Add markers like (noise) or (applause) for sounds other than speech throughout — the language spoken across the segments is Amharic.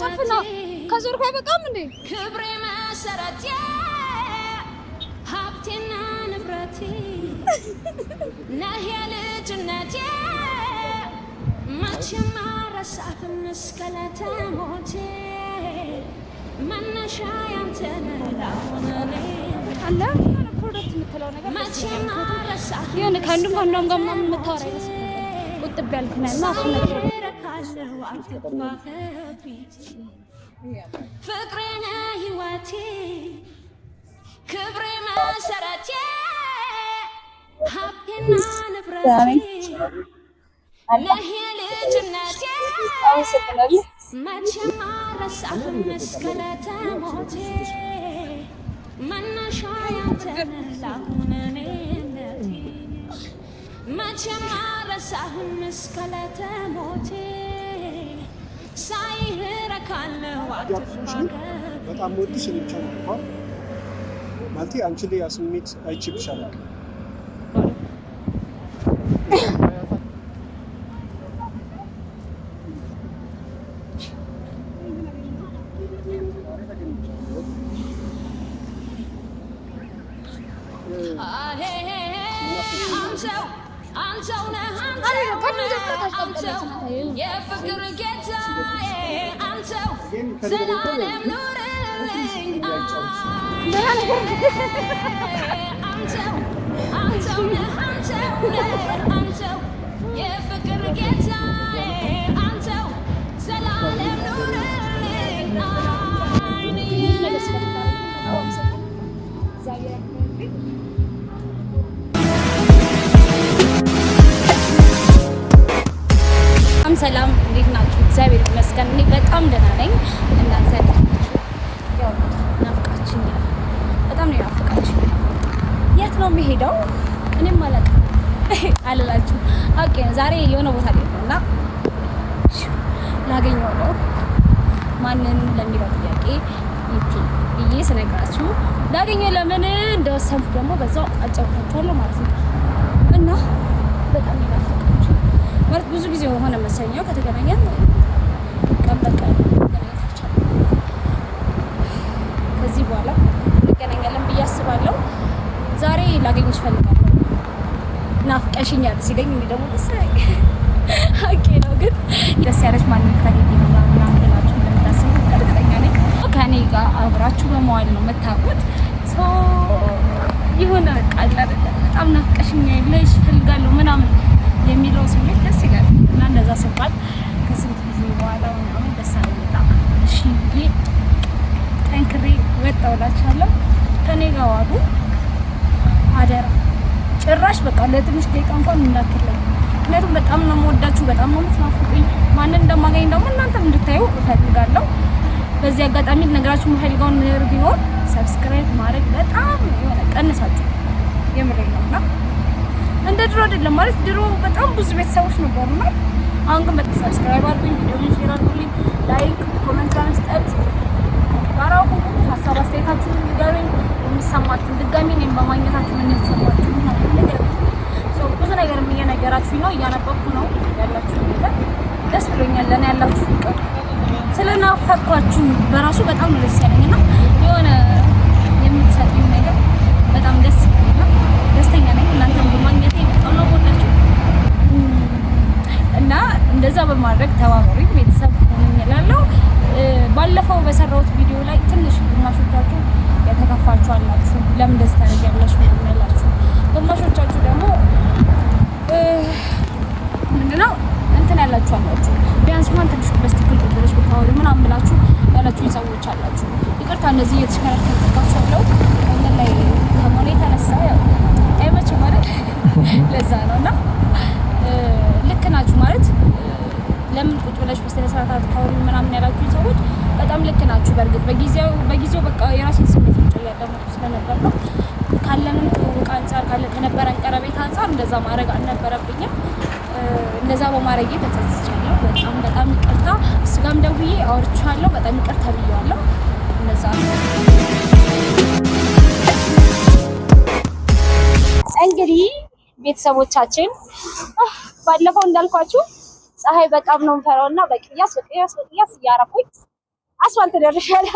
ጨፍና ከዞርኩ አይበቃም እንዴ? ክብሬ መሰረቴ ሀብቴና ንብረቴ (laughs) ነህ የልጅነቴ መቼም አረሳህም እስከ ለተሞቴ መነሻ ያንተ ነህ። ከአንዱም ከአንዷም ጋር ምናምን የምታወራ አይመስልም እርጥብ ያልኩና እና እሱ ነገር ፍቅሬን ህይወቴ ክብሬ መሰረቴ ሀብቴና ንብረቴ ለሄ ልጅነቴ መቼም አልረሳህም እስከ ዕለተ ሞቴ መነሻ ያንተ ነህ ላሁን እኔ መቼም አረሳህም እስከ በጣም ወድሽ ነው ማለት አንቺ ላይ የፍቅር ጌታዬ አንተው ዘላለም ኑርልኝ አንተው አንተው ነህ አንተው ነህ አንተው የፍቅር ጌታዬ አንተው ዘላለም ኑርልኝ አይንዬ ሰላም፣ እንዴት ናችሁ? እግዚአብሔር ይመስገን እኔ በጣም ደህና ነኝ። እናንተ ናፍቃችሁኛል፣ በጣም ነው የት ነው የሚሄደው? እኔም አላውቅም (laughs) አልላችሁ። ኦኬ ዛሬ የሆነ ቦታ ላይ ነው እና ላገኘው ነው ማንን ለሚለው ጥያቄ ብዬ ስነግራችሁ ላገኘው ለምን እንደወሰንኩ ደግሞ በዛው አጫውታችኋለሁ ማለት ነው እና በጣም ማለት ብዙ ጊዜ ሆነ መሰኛው ከተገናኘን ቀን በቀን ከዚህ በኋላ እንገናኛለን ብዬ አስባለሁ። ዛሬ ላገኝሽ እፈልጋለሁ ናፍቀሽኛል ሲለኝ እኔ ደግሞ ደስ ሀቄ ነው ግን ደስ ያለች ታገኝ እንደምታስቡ እርግጠኛ ነኝ። ከእኔ ጋር አብራችሁ በመዋል ነው የምታውቁት። የሆነ ቃል በጣም ምናምን የሚለው ስሜት ደስ እና እንደዛ ስባል ከስንት ጊዜ በኋላ ሆነ ደስ አለኝ። በጣም እሺ ብዬ ጠንክሬ ወጣውላችኋለሁ። ከኔ ጋር ዋሉ አደራ። ጭራሽ በቃ ለትንሽ ደቂቃ እንኳን እንዳትለኝ። ምክንያቱም በጣም ነው የምወዳችሁ፣ በጣም ነው የምትናፍቁኝ። ማንን እንደማገኝ ደግሞ እናንተም እንድታዩ እፈልጋለሁ። በዚህ አጋጣሚ ነገራችሁ የምፈልገውን ነገር ቢሆን ሰብስክራይብ ማድረግ በጣም ቀንሳችሁ የምሬ ነውና እንደ ድሮ አይደለም ማለት ድሮ በጣም ብዙ ቤተሰቦች ነበሩ ነው። አሁን ግን በጣም ሰብስክራይብ አድርጉኝ፣ ቪዲዮውን ሼር አድርጉልኝ፣ ላይክ ኮመንት በመስጠት ጋራ ሀሳብ አስተያየታችሁን ንገሩኝ። የሚሰማችሁ ድጋሚ እኔም በማግኘታችሁ ምን የሚሰማችሁ ነገር ብዙ ነገር እየነገራችሁ ነው፣ እያነበብኩ ነው ያላችሁ ነገር ደስ ብሎኛል። ለእኔ ያላችሁ ፍቅር ስለናፈኳችሁ በራሱ በጣም ደስ ያለኝ እና የሆነ የምትሰጡኝ ነገር በጣም ደስ ይለኛል። ደስተኛ ነኝ። እናንተን በማግኘት ይመጣሉ እና እንደዛ በማድረግ ተባበሩኝ። ቤተሰብ ሆንኝላለው። ባለፈው በሰራሁት ቪዲዮ ላይ ትንሽ ግማሾቻችሁ የተከፋችሁ አላችሁ፣ ለምን ደስታ ረግ ያለች ያላችሁ፣ ግማሾቻችሁ ደግሞ ምንድነው እንትን ያላችሁ አላችሁ፣ ቢያንስ ሆን ትንሽ በስትክል ቁጥሮች ብታወሪ ምናምን ብላችሁ ያላችሁ ሰዎች አላችሁ። ይቅርታ እነዚህ እየተሽከረከርኩባቸው ያለው ላይ ከሞላ የተነሳ አይመችም ማለት (laughs) ለዛ ነው። እና ልክ ናችሁ ማለት ለምን ቁጭ ብለሽ በስነ ስርዓት አታወሪ ምናምን ያላችሁ ሰዎች በጣም ልክ ናችሁ። በእርግጥ በጊዜው በጊዜው በቃ የራሴን ስሜት ውጭ እያዳመጡ ስለነበር ነው ካለንም ትውውቅ አንጻር ካለ ከነበረን ቀረቤት አንጻር እንደዛ ማድረግ አልነበረብኝም። እንደዛ በማድረጌ ተጸጽቻለሁ። በጣም በጣም ይቅርታ። እሱ ጋም ደውዬ አውርቻለሁ። በጣም ይቅርታ ብያለሁ። እነዛ ነው እንግዲህ ቤተሰቦቻችን ባለፈው እንዳልኳችሁ ፀሐይ በጣም ነው የምፈራው እና በቅያስ በቅያስ በቅያስ እያረኩኝ አስፋልት ደርሻለ።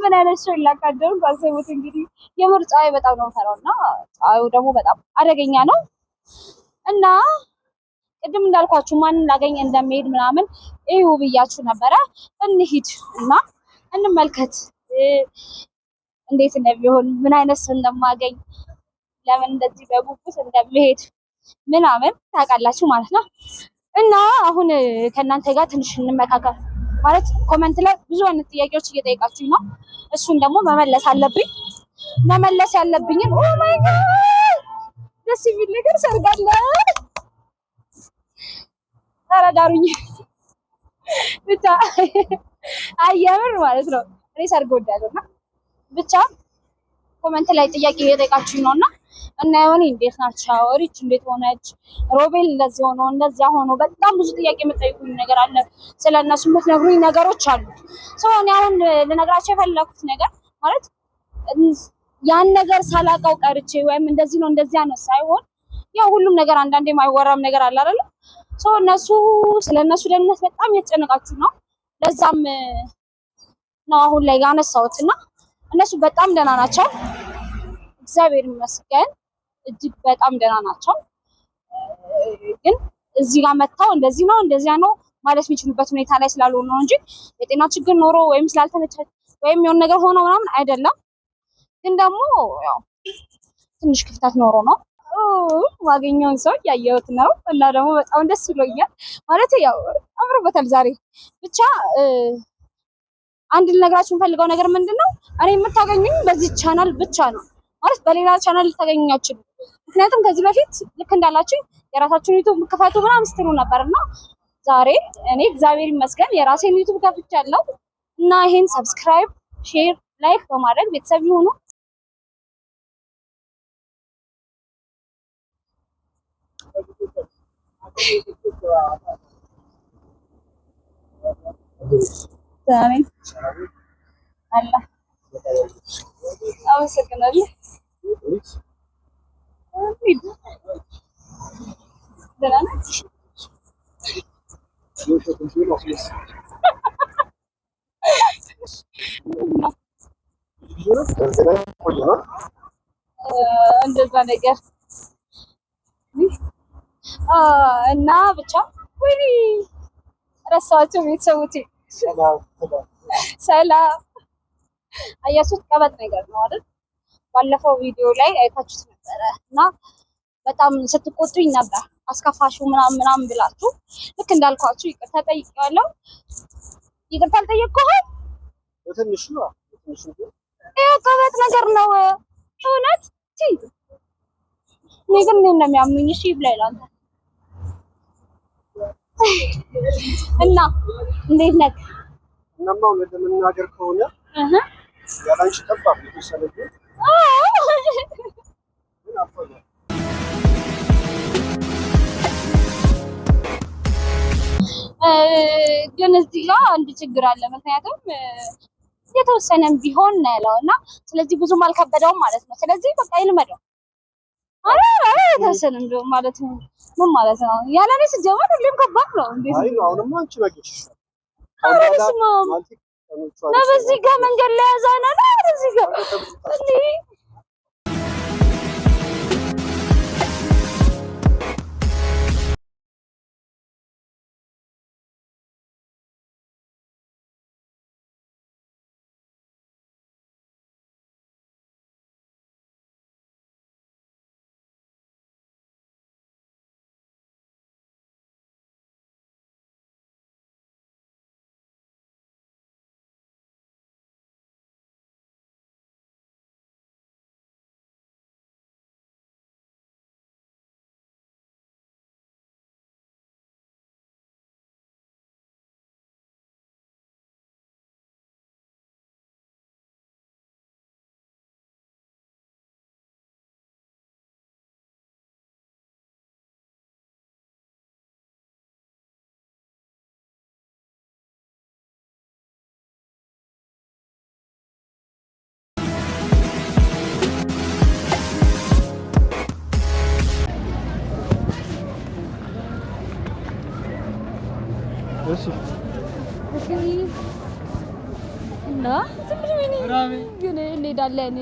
ምን አይነት ሰው ይላካደም ባሰቡት። እንግዲህ የምር ፀሐይ በጣም ነው የምፈራው እና ፀሐዩ ደግሞ በጣም አደገኛ ነው እና ቅድም እንዳልኳችሁ ማንን ላገኝ እንደሚሄድ ምናምን ይሁ ብያችሁ ነበረ። እንሂድ እና እንመልከት እንዴት እንደሚሆን ምን አይነት ሰው እንደማገኝ ለምን እንደዚህ በጉጉት እንደምሄድ ምናምን ታውቃላችሁ ማለት ነው። እና አሁን ከእናንተ ጋር ትንሽ እንመካከል ማለት ኮመንት ላይ ብዙ አይነት ጥያቄዎች እየጠየቃችሁ ነው። እሱን ደግሞ መመለስ አለብኝ። መመለስ ያለብኝን ጋድ ደስ የሚል ነገር ሰርጋለ ተረዳሩኝ ብቻ አየምር ማለት ነው። እኔ ሰርግ ወዳለሁ እና ብቻ ኮመንት ላይ ጥያቄ እየጠየቃችሁ ነው እና እና የሆነ እንዴት ናቸው ሪች እንዴት ሆነች ሮቤል እንደዚህ ሆኖ እንደዚያ ሆኖ በጣም ብዙ ጥያቄ የምጠይቁኝ ነገር አለ። ስለ እነሱ የምትነግሩኝ ነገሮች አሉ። እኔ አሁን ልነግራቸው የፈለኩት ነገር ማለት ያን ነገር ሳላውቀው ቀርቼ ወይም እንደዚህ ነው እንደዚያ ነው ሳይሆን ያው ሁሉም ነገር አንዳንዴ የማይወራም ነገር አለ አይደለ? ሰው እነሱ ስለ እነሱ ደህንነት በጣም የተጨነቃችሁ ነው። ለዛም ነው አሁን ላይ ያነሳሁት እና እነሱ በጣም ደህና ናቸው። እግዚአብሔር ይመስገን እጅግ በጣም ደህና ናቸው። ግን እዚህ ጋር መጥተው እንደዚህ ነው እንደዚያ ነው ማለት የሚችሉበት ሁኔታ ላይ ስላልሆኑ ነው እንጂ የጤና ችግር ኖሮ ወይም ስላልተመቸ ወይም የሆነ ነገር ሆኖ ምናምን አይደለም። ግን ደግሞ ያው ትንሽ ክፍተት ኖሮ ነው ማገኘውን ሰው እያየሁት ነው እና ደግሞ በጣም ደስ ብሎኛል። ማለት ያው አምሮበታል። ዛሬ ብቻ አንድ ልነግራችሁ የምፈልገው ነገር ምንድን ነው እኔ የምታገኙኝ በዚህ ቻናል ብቻ ነው። ማለት በሌላ ቻናል ልታገኙ አትችሉም። ምክንያቱም ከዚህ በፊት ልክ እንዳላችሁ የራሳችሁን ዩቱብ ክፈቱ ምናምን ስትሉ ነበር እና ዛሬ እኔ እግዚአብሔር ይመስገን የራሴን ዩቱብ ከፍቻለሁ እና ይሄን ሰብስክራይብ፣ ሼር፣ ላይክ በማድረግ ቤተሰብ ይሁኑ። አላህ አመሰግናለሁ። እንደዛ ነገር እና ብቻ ወይኔ ረሳኋቸው ቤተሰቦቼ። ሰላም አያችሁት? ቀበጥ ነገር ነው አይደል? ባለፈው ቪዲዮ ላይ አይታችሁት ነበረ እና በጣም ስትቆጡኝ ነበር አስከፋሹ ምናምን ምናምን ብላችሁ ልክ እንዳልኳችሁ ይቅርታ ጠይቀዋለሁ። ይቅርታ አልጠየቅኩህም። በትንሹ ነው በትንሹ ቀበጥ ነገር ነው እውነት ቲ ነገር ነው የሚያምኑኝ። እሺ ይብላኝ ላንተ እና እንዴት ነህ? እናማ ለመናገር ከሆነ ግን እዚህ ጋ አንድ ችግር አለ። ምክንያቱም የተወሰነም ቢሆን ነው ያለው እና ስለዚህ ብዙም አልከበደውም ማለት ነው። ስለዚህ በቃ ይልመደው የተወሰነ ቢሆን ማለት ነው። ምን ማለት ነው? ያለ እኔ ስጀመር ሁሌም ከባድ ነው። እንዴት ነው? በዚህ ጋር መንገድ ላይ ነው። በዚህ ጋር ግን እንሄዳለን።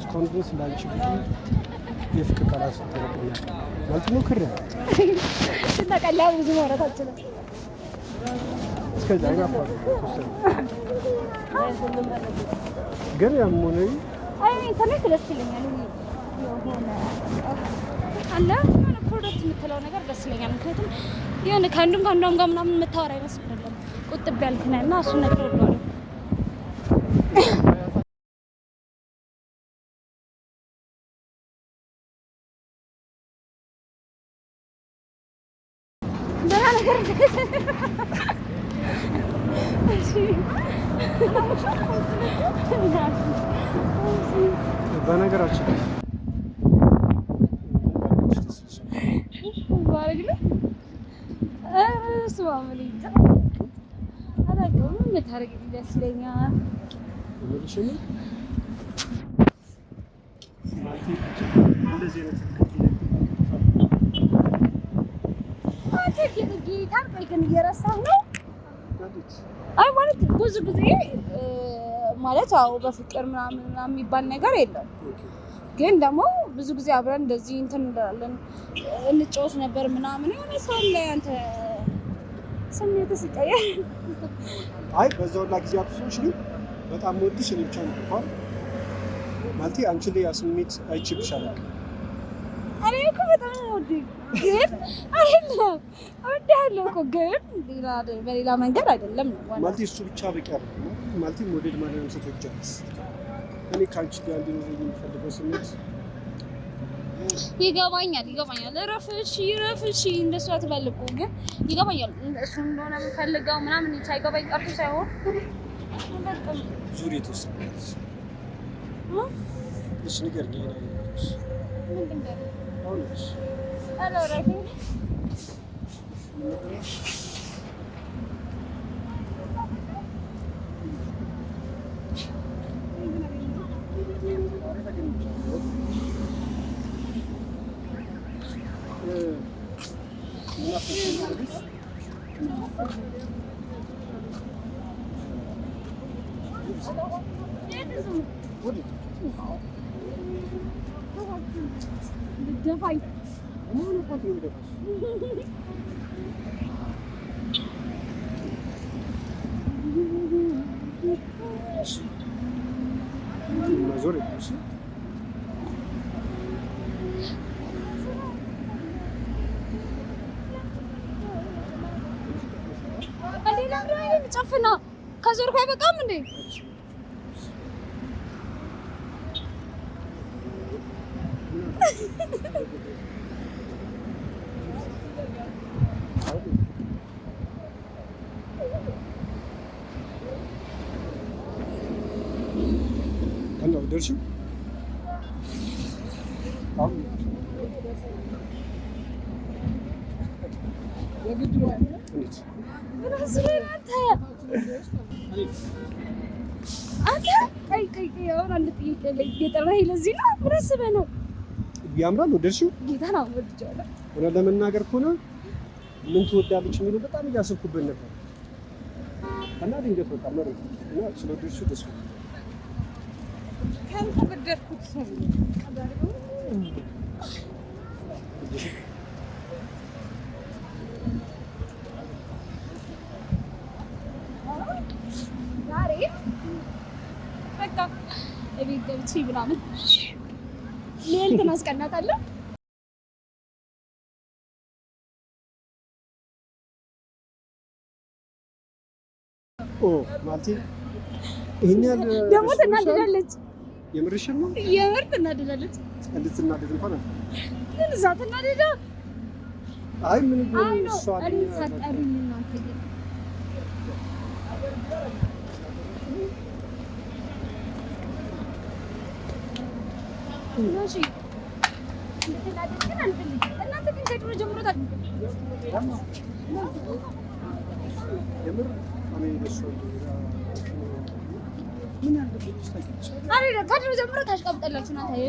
እስካሁን ድረስ ለአንቺ የፍቅር ቃላት ስትረቅኛል ማለት ነው። ክር ብዙ ማውራት አልችልም። እስከዚያ ግን ያም ሆነ አይ ደስ ይለኛል አለ ቁርጥ የምትለው ነገር ደስ ይለኛል። ምክንያቱም የሆነ ከአንዱም ከአንዷም ጋር ምናምን የምታወራ አይመስል አይደለም ቁጥብ ያልክና እና እሱ ነገር ወደዋለሁ። በነገራችን ልታደርግ ነው? እሱማ ምን ይዛ አላውቅም። የምታደርግ ደስ ይለኛል። አይ ማለት ብዙ ጊዜ ማለት አዎ በፍቅር ምናምን የሚባል ነገር የለም። ግን ደግሞ ብዙ ጊዜ አብረን እንደዚህ እንትን እንላለን፣ እንጫወት ነበር ምናምን የሆነ ሳለ አንተ ስሜት ሲቀየር አይ በዛውላ ጊዜ አብሶች ነው በጣም ወድሽ እኔ ብቻ ነው እንኳን ማለት አንቺ ላይ ያ ስሜት ብቻ አለቅ እኔ እኮ በጣም ወድ ግን አይደለም እወድሃለሁ እኮ ግን ሌላ በሌላ መንገድ አይደለም ማለት እሱ ብቻ በቂ አይደለም ማለት ሞዴል ማለት ነው ሴቶች እኔ ከአንቺ ጋር እንዲኖረኝ የሚፈልገው ስሜት ይገባኛል ይገባኛል። ረፍሽ ረፍሽ እንደሱ አትበልቁ ግን ይገባኛል። እሱ እንደሆነ የምፈልገው ምናምን ሳይገባኝ ቀርቶ ሳይሆን ዙሪ የተወሰነ እሺ፣ ንገሪኝ። ምንድን ነው Давай. Ну, не подумай. Зори, пиши. ሌላ ብሎ ጨፍና ከዞርኩ አይበቃም እንዴ? አልደርሽም። ያምራል። ወደድሽው? እውነት ለመናገር ከሆነ ምን ትወዳለች የሚለው በጣም እያሰብኩበት ነበር እና ድንገት በቃ መሬት እና ስለወደድሽው ደስ ከተበደርኩት ሰው ዛሬ ምናምን ልዕልት ማስቀናት አለው። ማለቴ ይሄን ያህል ደግሞ ትናደዳለች። የምርሽን ነው? የምር ትናደዳለች። እንዴት ትናደድ እንኳን ምን እዛ ትናደዳ። አይ ምን ቢሆን እሷ ግን ከድሮ ጀምሮ ታሽቀብጠላችሁ ናት።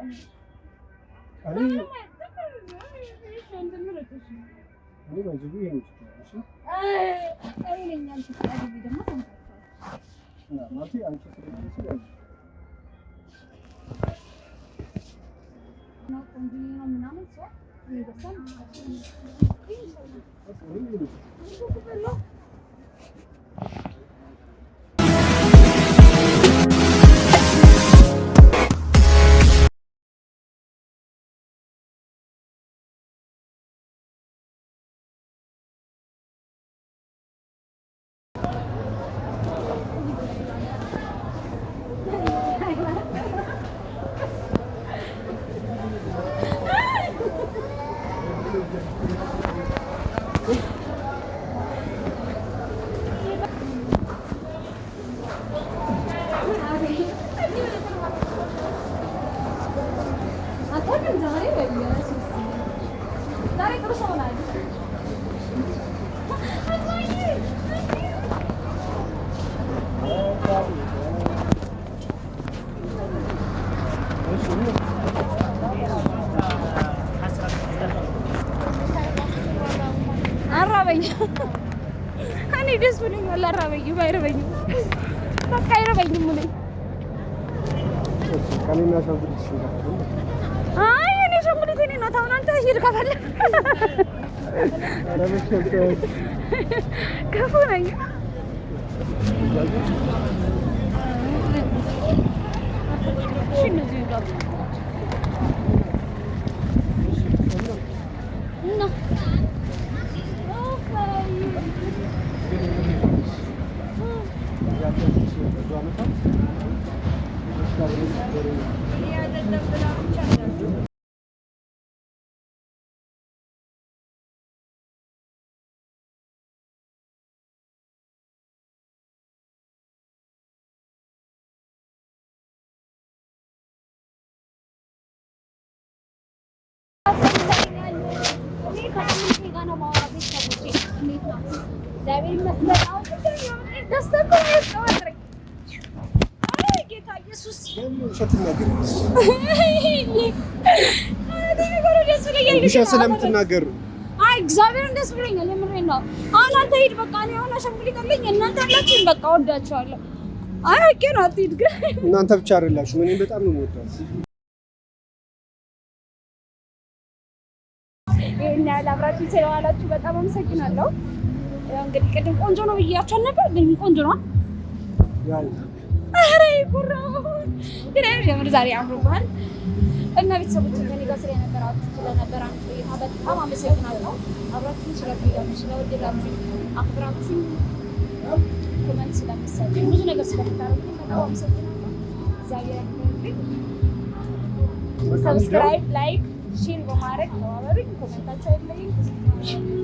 Ali... Ali bence bu yeni çıkıyor. Elinden çıktı. Şey. Ya, şey nasıl yani çıkıyor? Nasıl Nasıl? Nasıl? Nasıl? Nasıl? Araba çok soğuk. Kafana ya. Şimdi duygulandım. No. Gracias. ውሸት ስለምትናገር እግዚአብሔርን ደስ ብሎኛል። የምሬን ነው። አሁን አንተ ሂድ በቃ። እኔ አሁን አሻንጉሊት አለኝ። እናንተ አላችሁኝ። በቃ ወዳችኋለሁ። አይ ኬን አትሂድ ግን እናንተ ብቻ አይደላችሁም። እኔም በጣም ነው የምወዳት ይህን ያህል አብራችሁ ስለዋላችሁ በጣም አመሰግናለሁ። እንግዲህ ቅድም ቆንጆ ነው ነበር። ግን ቆንጆ ነው። ኧረ ይኩራ የምር ዛሬ እና ቤተሰቦች ከእኔ ጋር ቆይታ በጣም አመሰግናለሁ። ስለቆያችሁ ስለወደዳችሁ አክብራችሁ ኮመንት ስለምሰጡ ብዙ ነገር በጣም አመሰግናለሁ። እግዚአብሔር ሰብስክራይብ ላይክ ሼር በማድረግ ተባበሩኝ። ኮመንታችሁ አይለኝ።